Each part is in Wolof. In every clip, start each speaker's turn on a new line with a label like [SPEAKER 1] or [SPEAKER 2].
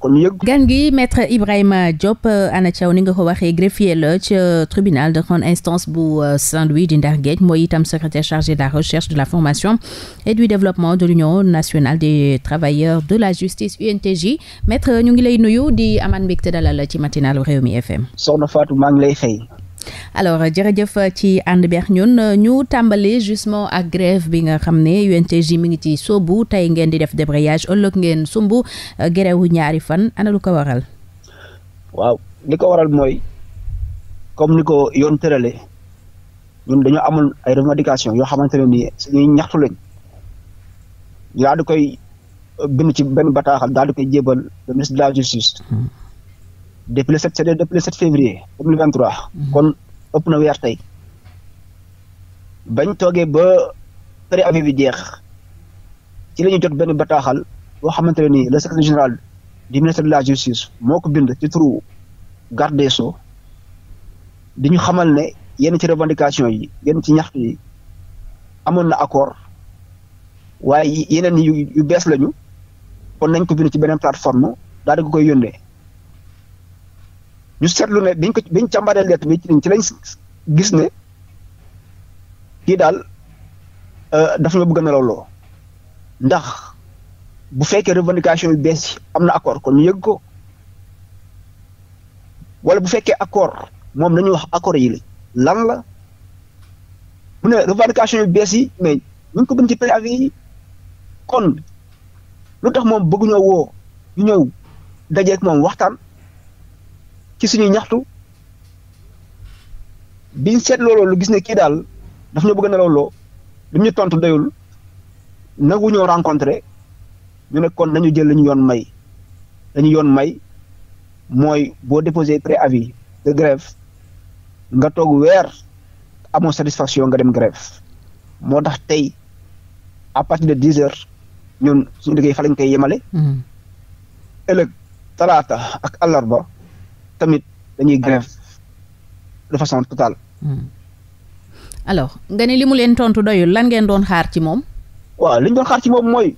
[SPEAKER 1] kon ñu yëg. gan gi maître Ibrahima Diop euh, ana Thiaw ni nga ko waxee greffier la ca euh, tribunal de grande instance bu euh, Saint-Louis di Ndar Géej mooy itam secrétaire chargé de la recherche de la formation et du développement de l'Union nationale des travailleurs de la justice UNTJ maitre ñu ngi lay nuyu di aman mbégte dalal ci matinalu Rewmi
[SPEAKER 2] FM. Soxna Fatou maa ngi lay xëy.
[SPEAKER 1] alors jërëjëf ci ànd beex ñun ñu tàmbali justement ak grève bi nga xam ne gi mi ngi ci soobu tey ngeen di def débrayage ëllëg ngeen sumb euh, grève ñaari
[SPEAKER 2] fan ana lu ko waral. waaw li ko waral mooy comme ni ko yoon tërale ñun dañoo amul ay revendication yoo xamante ne nii suñuy ñaxtu lañ daal di koy euh, bind ci benn bataaxal daal di koy jébal le justice. Hmm. depuis le 7 depuis le 7 février 2023. Mhm. kon ëpp na weer tey. bañ toogee ba préavis bi jeex ci la jot benn bataaxal boo xamante ne nii le secrétaire général du ministère de la justice moo ko bind ci turu garde des sceaux di ñu xamal ne yenn ci revendication yi yenn ci ñaxtu yi amoon na accord waaye yeneen yu yu bees lañu kon nañ ko bind ci beneen plateforme daal di ko koy yónnee. ñu seetlu ne biñ ko biñ càmbaree lettre bi ci lañ gis ne kii daal euh, dafa ma bëgg nelaw looloo ndax bu fekkee revendication yu bees yi am na accord kon ñu yëg ko wala bu fekkee accord moom dañuy wax accord yi la lan la mu ne revendication yu bees yi mais ñu ngi ko bind ci préavis yi kon lu tax moom bëgguñoo woo ñu ñëw dajeek moom waxtaan ci suñu ñaxtu biñ seet lu gis ne kii daal daf ñu bëgg na looloo li ñu tontu doyul nangu ñoo rencontré ñu ne kon nañu jël li yoon may dañu yoon may mooy boo déposé préavis de grève nga toog weer amoo satisfaction nga dem grève moo tax tey à partir de dix heures ñun suñu liggéey fa lañ koy yemale. Mhm. ëllëg talaata ak àllarba. tamit dañuy grève de façon totale. Mm.
[SPEAKER 1] alors nga ne li mu leen tontu doyul lan ngeen doon xaar ci moom.
[SPEAKER 2] waaw li ñu doon xaar ci moom mooy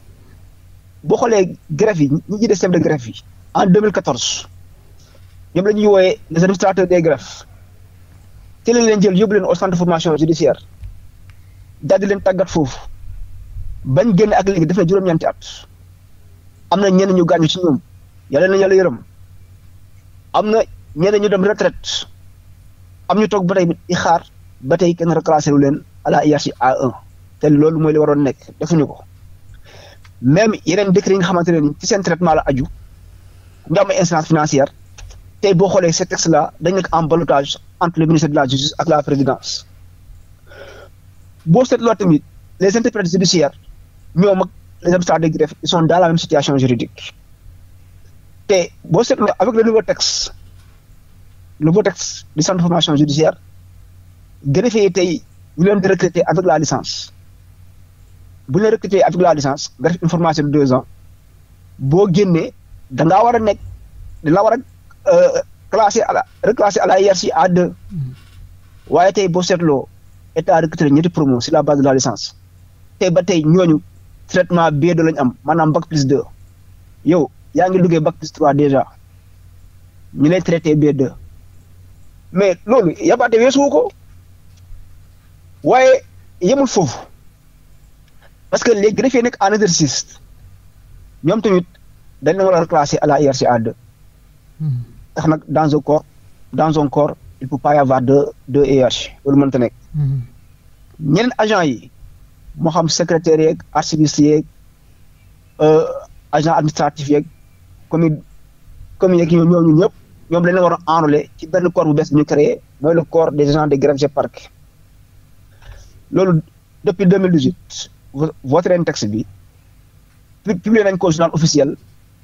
[SPEAKER 2] boo xoolee grève yi ñi jiite système de grève yi en 2014 ñoom la ñuy wooyee les administrateurs des grèves ci lañ jël yóbbu leen au centre formation judiciaire daal di leen tàggat foofu bañ génn ak léegi def na juróom-ñeenti at am na ñenn ñu gaañu ci ñoom yàlla na yàlla yërëm am na ñeneen ñu dem retraite am ñu toog ba tey di xaar ba tey kenn reclassé wu leen à la hiérarchie A1 te loolu mooy li waroon nekk defuñu ko même yeneen décret yi nga xamante ne ci seen traitement la aju ñu am instance financière tey boo xoolee ce texte là dañ nekk en ballottage entre le de la justice ak la présidence boo seetloo tamit les interprètes judiciaires ñoom ak les magistrats de greffe ils sont dans la même situation juridique. te boo seetloo avec le nouveau texte le nouveau texte du centre de formation judiciaire greffier yi tey bu leen di recruter avec la licence bu leen recruter avec la licence nga de deux ans boo génnee da ngaa war a nekk da la war a euh, classé à la reclassé à la A2 waaye tey boo seetloo état recruter ñetti promo sur la base de la licence tey ba tey ñooñu traitement b de lañu am maanaam bac plus de yow. yaa ngi duggee bac plus 3 déjà ñu lay traité B2 mais loolu yabaate weesuwu ko waaye yemul foofu parce que les greffiers nekk en exercice ñoom tamit dañ la war a à la IRC a de tax nag dans un corps dans un corps il peut pas y avoir deux deux loolu mënta nekk agent yi moo xam secrétaire yeeg archiviste yeeg euh, agent administratif yeeg commune commune ak ñooñu ñëpp ñoom dañ la war a enrôler ci benn corps bu bees bu ñu créé mooy le coor des gens de grève Gepark loolu depuis deux mille dix huit voté leen texte bi publié nañ ko journal officiel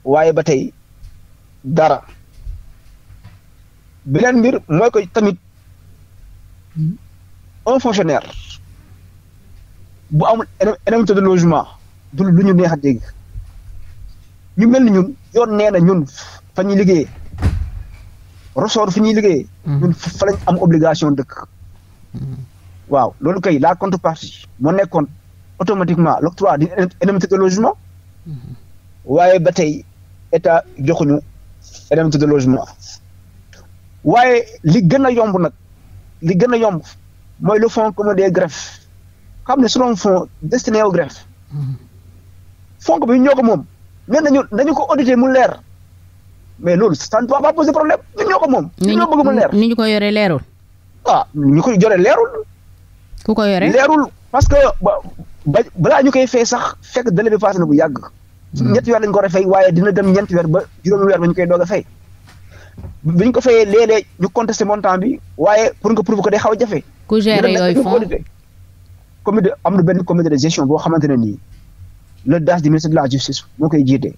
[SPEAKER 2] waaye ba tey dara beneen mbir mooy ko tamit un fonctionnaire bu amul indemnité de logement du lu ñu neex a dégg ñu mel ni ñun yoo nee na ñun fa ñuy liggéeyee ressort fi ñuy liggéeyee. Hmm. ñun fa lañ am obligation dëkk. Hmm. waaw loolu kay la contrepartie moo nekkoon automatiquement l'octroi d'une indemnité de logement. Hmm. waaye ba tey état joxuñu indemnité de waaye li gën a yomb nag li gën a yomb mooy le fonds commun des greffes xam ne selon fonds destiné au greffe fonds bi ñoo ko moom. nee nañu nañu ko auditer mu leer mais loolu ça ne doit pas poser problème ñun ñoo ko moom. ñun ñoo bëgg mu leer ni ñu ko yoree leerul. ah ñu ko yoree leerul.
[SPEAKER 1] ku ko yoree leerul
[SPEAKER 2] parce que ba balaa ñu koy fay sax fekk délai bi passé bu yàgg. Hmm. ñetti weer lañ ko war a fay waaye dina dem ñeenti weer ba juróomi leer ba ñu koy doog a fay. bi ñu ko fayee léeg-léeg ñu contesté montant bi waaye pour nga prouver ko day xaw a jafe. ku gérer yooyu fonds comité am na benn comité de gestion boo xamante ne nii. le DAS du ministre de la justice moo koy jiite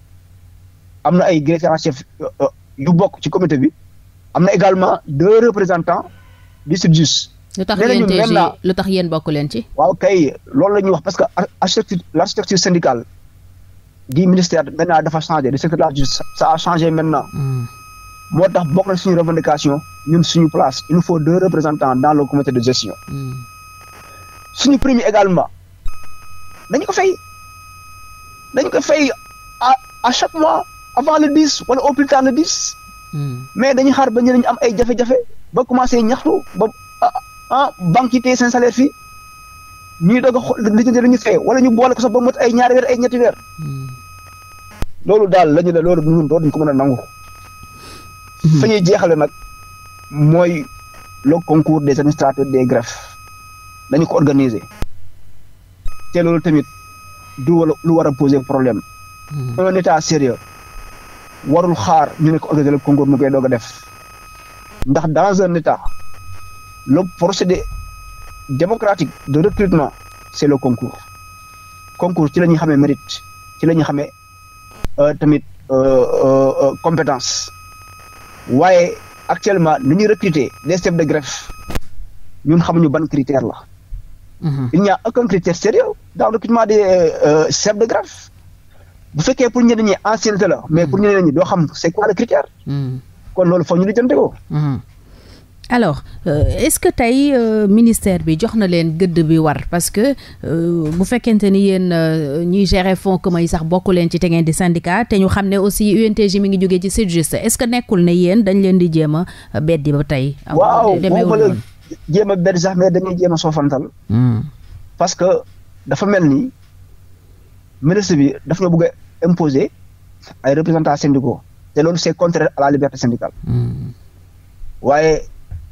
[SPEAKER 2] am na ay greffiers en chef euh, euh, yu bokk ci comité bi am na également deux représentant du SYTJUST.
[SPEAKER 1] lu tax yéen tey
[SPEAKER 2] lu tax yéen bokk leen ci. waaw kay loolu la ñuy wax parce que architecture l' architecture syndicale du ministère maintenant dafa changé le secrétaire de la justice ça a changé maintenant. Hmm. moo tax bokk na suñu revendication ñun suñu place il nous faut deux représentant dans le comité de gestion. Hmm. suñu prime également dañu ko fay. dañ ko fay a à chaque mois avant le dix wala au plus tard hmm. mais dañuy xaar ba ñeneen ñu am ay jafe-jafe ba commencé ñaxtu ba ah, ah banque yi téye seen salaire fii ñuy doog a xool li ñu fay wala ñu boole ko sax ba mot ay ñaari weer ay ñetti weer. Hmm. loolu daal la ñu ne loolu ñun dootuñ ko mën a nangu. Hmm. fa jeexale nag mooy le concours des administrateurs des greffes dañu ko organiser te loolu tamit. du lu war a poser problème. Hmm. un état sérieux warul xaar ñu ne ko organiser le concours mu koy doog a def ndax dans un état le procédé démocratique de recrutement c'est le concours concours ci la ñuy xamee mérite ci la ñuy xamee euh, tamit euh, euh, compétence waaye actuellement ni ñuy recruter des chefs de greffe ñun xamuñu ban critère la. Mmh. il n'y a aucun critère sérieux dans le recrutement des euh, euh chefs de grade bu fekkee pour ñeneen ñi ancienneté la mais mhm. pour ñeneen ñi doo xam c'est quoi la critère mhm. kon loolu foog ñu di jënte ko
[SPEAKER 1] mhm. alors euh, est-ce que tey euh, ministère bi jox na leen gëdd bi war parce que euh, bu fekkente ni yéen euh, ñuy gérer fonds commun yi sax bokk leen ci te ngeen di syndicat te ñu xam ne aussi UNTG mi ngi jógee ci Sytjust est-ce que nekkul ne yéen dañ leen di jéem a euh, beddi ba tey.
[SPEAKER 2] waaw demee jéem a bett sax mais dañuy jéem a soofantal. Hmm. parce que dafa mel ni ministre bi daf ñoo bëgg a imposer ay représentants syndicaux te loolu c'est contraire à la liberté syndicale. Hmm. waaye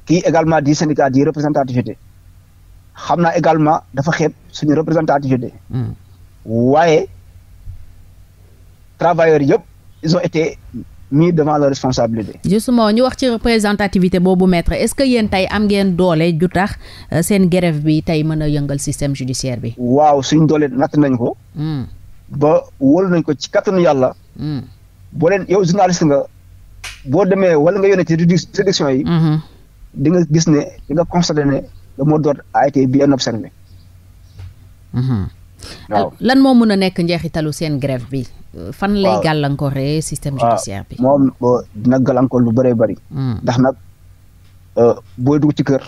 [SPEAKER 2] kii également di syndicat di représentativité xam na également dafa xeeb suñu représentativité. Hmm. waaye travailleurs yëpp ils ont été. mis devant leur responsabilité.
[SPEAKER 1] justement ñu wax ci représentativité boobu maître est-ce que yéen tey am ngeen doole ju tax euh, seen grève bi tey mën a yëngal système judiciaire bi.
[SPEAKER 2] waaw suñ doole natt nañ ko. Hmm. ba wóolu nañ ko ci kattanu yàlla. Hmm. boo leen yow journaliste nga boo demee wala nga yónnee ci réduction yi. Hmm. dinga gis ne di nga constaté ne le mot d'ordre a été bien observé.
[SPEAKER 1] Euh, lan moo mën a nekk njeexitalu seen grève bi. Euh, fan lay gàllankooree système judiciaire
[SPEAKER 2] bi. moom euh, dina gàllankoor lu bëree bari hmm. ndax nag booy dugg ci kër.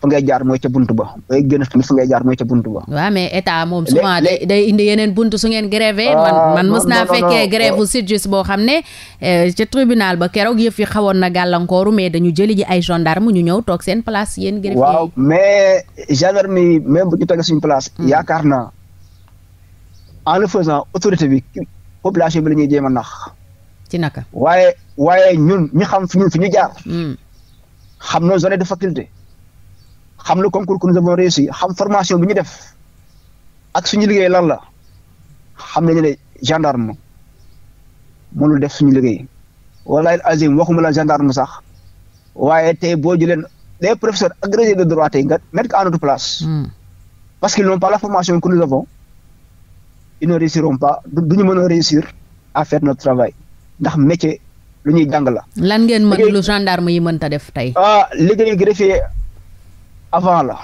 [SPEAKER 2] fa ngay jaar mooy ca buntu ba bay ngay jaar mooy ca bunt ba.
[SPEAKER 1] waaw mais état moom souvent day indi yeneen buntu su ngeen grévé. Ah, man man mës naa fekkee grève bu SYTJUST boo xam ne. Euh, ca tribunal ba keroog yëpp yi xawoon na gàllankooru mais dañu jëli ji ay gendarme ñu ñëw toog seen place yéen. grève waaw
[SPEAKER 2] mais gendarme yi même bu ñu toogee suñu place. Hmm. yaakaar naa en le faisant autorité bi population bi la ñuy jéem a nax. ci naka waaye waaye ñun ñu xam fi ñu fi ñu jaar. Hmm. xam na zone de faculté. xam le concours que nous avons réussi xam formation bi ñu def ak suñu liggéey lan la xam nañu ne gendarme mënul def suñu liggéey walaay azim waxuma la gendarme sax waaye tey boo jëleen les professeurs agrégés de droit nga mettre en notre place. Hmm. parce qu'ils n'ont pas la formation que nous avons ils ne réussiront pas duñu mën a réussir affaire faire notre ndax métier lu ñuy jàng la.
[SPEAKER 1] lan ngeen mën lu gendarme yi mënta def tey.
[SPEAKER 2] ah liggéeyu avant la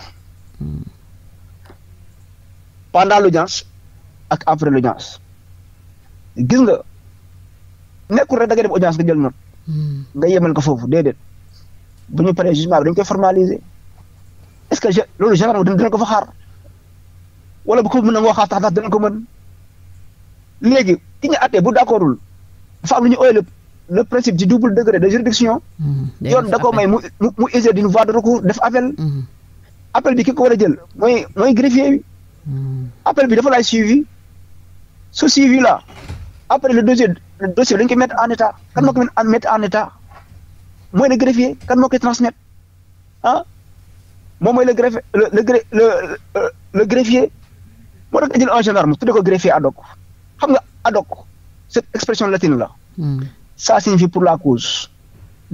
[SPEAKER 2] pendant l'audience ak après l'audience gis nga nekkul rek da nga dem audience nga jël note hmm. nga yemal ko foofu déedéet bu ñu paree jugement bi dañ koy formaliser est-ce que loolu général dina ko fa xaar wala bu ko mën a ngoo xaar tax tax dina ko mën léegi ki ñu àttee bu d'accordul dafa am lu ñu ooyee le principe du double degré de juridiction hmm. yoon da ko mu mu user d'une de recours def appel. Hmm. appel bi ki ko a jël mooy mooy greffier bi hmm. appel bi dafa laaj suivi su suivi la après le dossier le dossier dañ koy mettre en état kan moo ko mettre en état mooy le greffier kan moo koy transmettre ah mooy le greffe le le le le greffier moo tax jël un gendarme tuddee ko greffier ad hoc xam nga ad cette expression latine là. Hmm. ça signifie pour la cause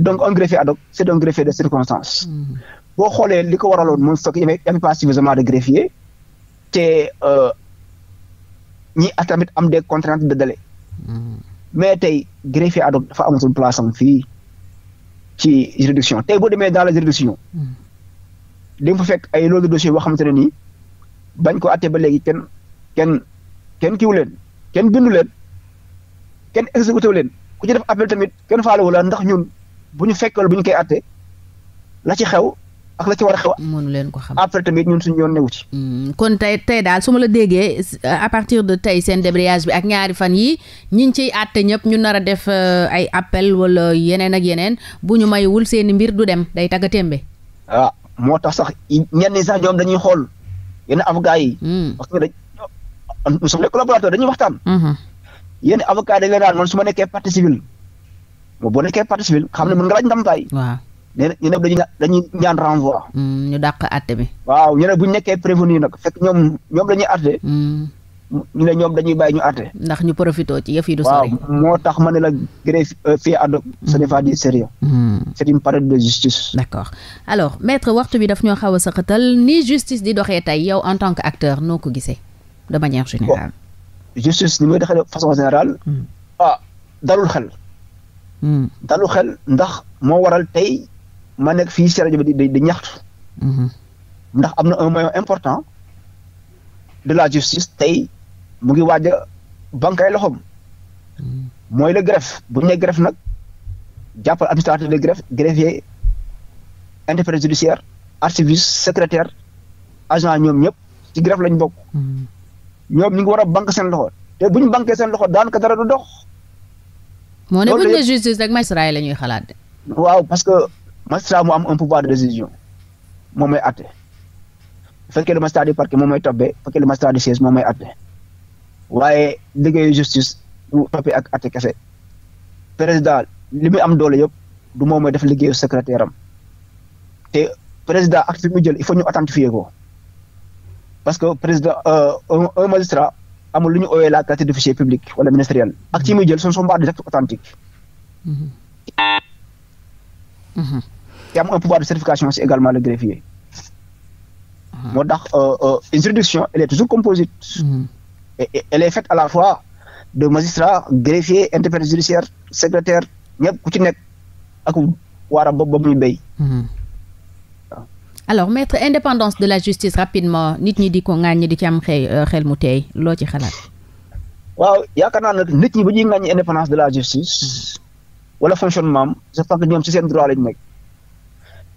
[SPEAKER 2] donc un greffier ad hoc c'est un greffier de circonstance. Hmm. boo xoolee li ko waraloon moom fekk y avait pas suffisamment de greffiers te euh, ñi a tamit am des contraintes de délai mm-hmm. mais tey greffier ad hoc am amatul place am fii ci juridiction tey boo demee dans la juridiction mm-hmm. di fa fekk ay loolu dossier boo xamante ne nii bañ ko àttee ba léegi kenn kenn kenn kiw leen kenn bindu leen kenn exécuté wu leen ku ci def appel tamit ken faale wala ndax ñun bu ñu fekkal bu ñu koy àttee la ci xew ak la ci war leen ko xam après tamit ñun suñu yoon newu mm-hmm.
[SPEAKER 1] kon tey tey daal su ma la déggee à partir de tey seen débrayage bi ak ñaari fan yi ñi ñu ciy àtte ñëpp ñu nar a def euh, ay appel walla yeneen ak yeneen bu ñu mayuwul seen mbir du dem day tagga tembe.
[SPEAKER 2] waaw ah, moo tax sax ñenn ñi sax ñoom dañuy xool yenn avocats yi. Mm. parce que dañ nous sommes les collaborateurs dañuy waxtaan. Mm-hmm. yenn avocats dañ leen daal man ma nekkee partie civile. boo nekkee partie civile xam ne mën nga laaj ndamtaay. waaw. nee na ñu ne dañuy dañuy ñaan renvoi.
[SPEAKER 1] Mm, ñu dàq àtte bi.
[SPEAKER 2] waaw ñu ne bu ñu nekkee prévenu nag fekk ñoom ñoom dañuy àtte. Mm. ñu ne ñoom dañuy bàyyi ñu àtte. ndax ñu profité ci yëf yi du sori. waaw moo tax ma ne la greffe euh, fii ànd ce n'est pas du sérieux. Mm. c'est une parade de justice. d'accord
[SPEAKER 1] alors maître waxtu bi daf ñoo xaw a saqatal ni justice di doxee tey yow en tant que acteur noo ko gisee
[SPEAKER 2] de manière générale. justice ni mu doxee de façon générale. ah dalul xel. dalul xel ndax moo waral tey ma nekk fii si rajo bi di di ñaxtu. Mm-hmm. ndax am na un moyen important de la justice tey mu ngi waaj banque ay loxoom. Mm-hmm. mooy le greffe bu ñu nee greffe nag jàppal administrateur de greffe greffier interprète judiciaire archiviste secrétaire agent ñoom ñëpp ci greffe lañ bokk. Mm-hmm. ñoom ñu ngi war a banque seen loxo te buñ banque seen loxo daanaka dara du dox. moo ne bu ñu justice
[SPEAKER 1] rek magistrat yi la ñuy xalaat.
[SPEAKER 2] waaw parce que. magistrat mu am un pouvoir de décision moom mooy atte bu fekkee ne magistrat du parquet moom mooy toppee fekkee ne magistrat du siège moom mooy atte waaye liggéeyu justice du toppee ak atte kese président li muy am doole yëpp du moom mooy def liggéeyu secrétaire am te président acte bi mu jël il faut ñu authentifier ko parce que président euh, un magistrat amul lu ñu ooyee la qualité de fichier public wala ministériel ak yi muy jël ce ne sont pas te am un pouvoir de certification c'est également le greffier. Mhm. moo tax euh, euh, une juridiction elle est toujours composite. Mhm. et elle à la fois de magistrats greffiers interprètes judiciaires secrétaires ñëpp ku ci nekk ak waara boobu ba muy béy. Mhm.
[SPEAKER 1] alors maître indépendance de la justice rapidement nit ñi di ko ŋàññi di ci am xëy euh, xel mu teey loo ci xalaat.
[SPEAKER 2] waaw yaakaar naa nag nit ñi bu ñuy ŋàññi indépendance de la justice. wala fonctionnement am je pense que ñoom ci seen droit lañ nekk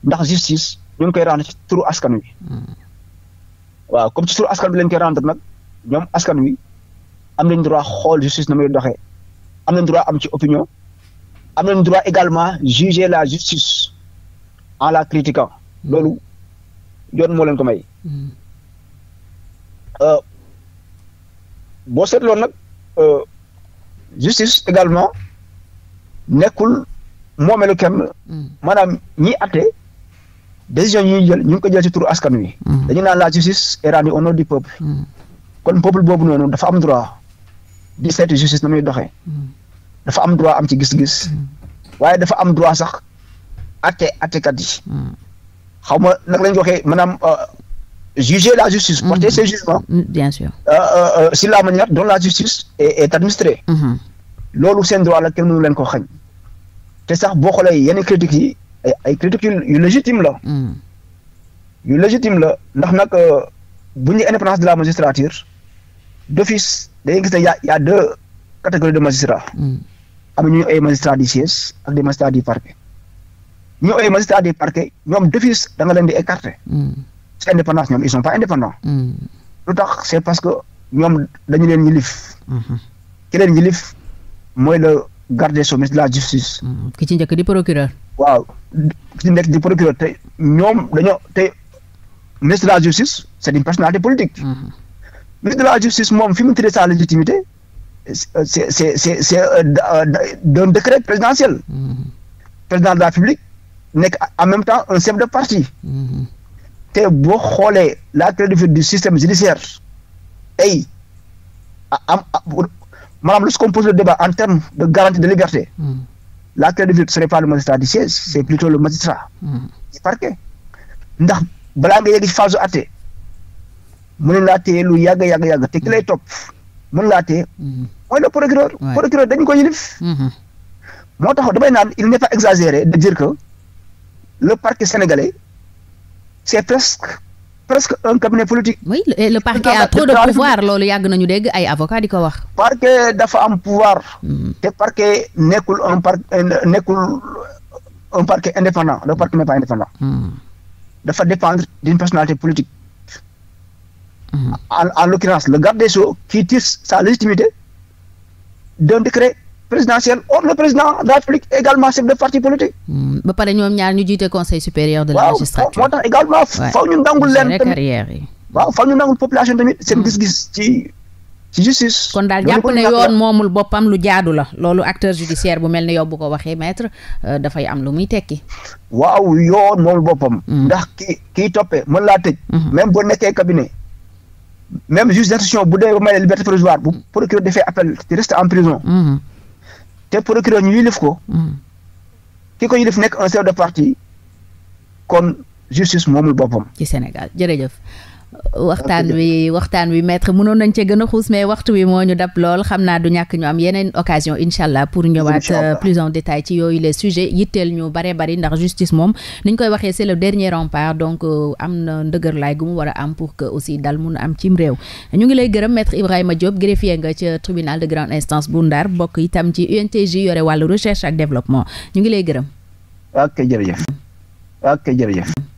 [SPEAKER 2] ndax justice ñu ngi koy rendre ci turu askan wi. Hmm. waaw comme ci turu askan bi lañ koy rendre nag ñoom askan wi am nañ droit xool justice na muy doxee am nañ droit am ci opinion am nañ droit également juger la justice en la critiquant hmm. loolu yoon moo leen ko may. Hmm. Euh, boo seetloo nag euh, justice également. nekkul moomeelu kenn. Mm. maanaam ñi àtte décision yi ñuy jël ñu ngi ko jël ci turu askan wi. Mm. dañu naan la justice est rendue au nom du peuple. Mm. kon peuple boobu noonu dafa am droit di seeti justice na muy doxee. dafa am droit am ci gis-gis. waaye dafa am droit sax àtte àttekat yi. xaw ma nag lañ ko waxee maanaam euh, juger la justice. porter ses jugements. bien sûr. Euh, euh, sur la manière dont la justice est administrée. Mm-hmm. loolu seen droit la kenn mënu leen ko xañ te sax boo xoolee yenn critiques yi ay ay critiques yu légitime la. Hmm. yu légitime la ndax nag euh, bu ñu indépendance de la magistrature d'office dañuy gis ne y' a y' de magistrats. Hmm. am ñu ay magistrats du siège ak des magistrats du parquet ñu ay magistrats du parquet ñoom d'office da nga leen di écarter. Hmm. c'est indépendance ñoom ils sont pas indépendants. lu tax c'est parce que ñoom dañu leen yilif. ki leen yilif mooy le garde des sceaux ministre de la justice. Mm, ki ci njëkk di procureur. waaw ki nekk di procureur te ñoom dañoo te ministre de la justice c' est une personnalité politique. Mm-hmm. ministre de la justice moom fi mu tiré sa légitimité c' est est c' est c' est d'un décret présidentiel. Mm-hmm. président de la République nekk en même temps un chef de parti. Mm-hmm. te boo xoolee la clé de voûte du système judiciaire ay am. maanaam lorsqu'on pose le débat en termes de garantie de liberté. Hmm. la clé de voûte ce n'est pas le magistrat du siège c'est plutôt le magistrat.
[SPEAKER 3] du hmm.
[SPEAKER 2] parquet ndax balaa nga yegg ci phase su àtte mën laa lu yàgg yàgg yàgg te ki lay topp mën laa téye. Hmm. mooy le procureur. procureur dañ ko yilif. moo tax damay naan il n'est pas exagéré de dire que le parquet sénégalais presque presque un cabinet politique. oui le, eh, le parquet a trop de pouvoir
[SPEAKER 1] loolu yàgg nañu dégg ay avocat di ko wax.
[SPEAKER 2] parquet dafa am pouvoir. Hmm. te parquet nekkul un par eh, nekkul un parquet indépendant le parquet n'est pas indépendant. Hmm. dafa dépendre d'une personnalité politique. Hmm. en en le garde des Sceaux qui sa légitimité d'un décret présidentielle président de la également chef de parti politique.
[SPEAKER 1] Hmm, ba pare ñoom ñaar ñu jiite conseil supérieur. de la magistrature waaw moo faw ñu nangul leen tamit waaw faw ñu nangul population tamit seen
[SPEAKER 2] hmm. gis-gis ci. ci justice.
[SPEAKER 1] kon daal jàpp ne yoon moomul boppam lu jaadu la loolu acteur judiciaire bu mel ne yow bu ko waxee maître euh, dafay am lu muy tekki.
[SPEAKER 2] waaw yoon moomul boppam. Hmm. ndax ki kii toppee mën laa tëj. même boo nekkee cabinet. même juge d'instruction bu dee ba may liberté provisoire bu procureur defee appel tu restes te pour ñu yilif ko. Hmm. ki ko yilif nekk un chef de parti kon justice moomul boppam. ci Sénégal
[SPEAKER 1] jërëjëf. waxtaan ah, wi waxtaan wi maître mënoon nañ cee gën a xuus mais waxtu wi moo ñu dab lool xam naa du ñàkk ñu am yeneen occasion incha allah pour ñëwaat euh, plus en détail ci yooyu les sujets yitteel ñu bare bari ndax justice moom ni ñu koy waxee c'est le dernier rempart donc euh, am na ndëgër laay gu mu war am pour que aussi dal mun am cim réew ñu ngi lay gërëm maître Ibrahima Diop greffier nga ca tribunal de grande instance bu Ndar bokk itam ci UNTJ yore wàllu recherche ak développement ñu ngi lay gërëm.
[SPEAKER 2] ok jërëjëf ok jërëjëf.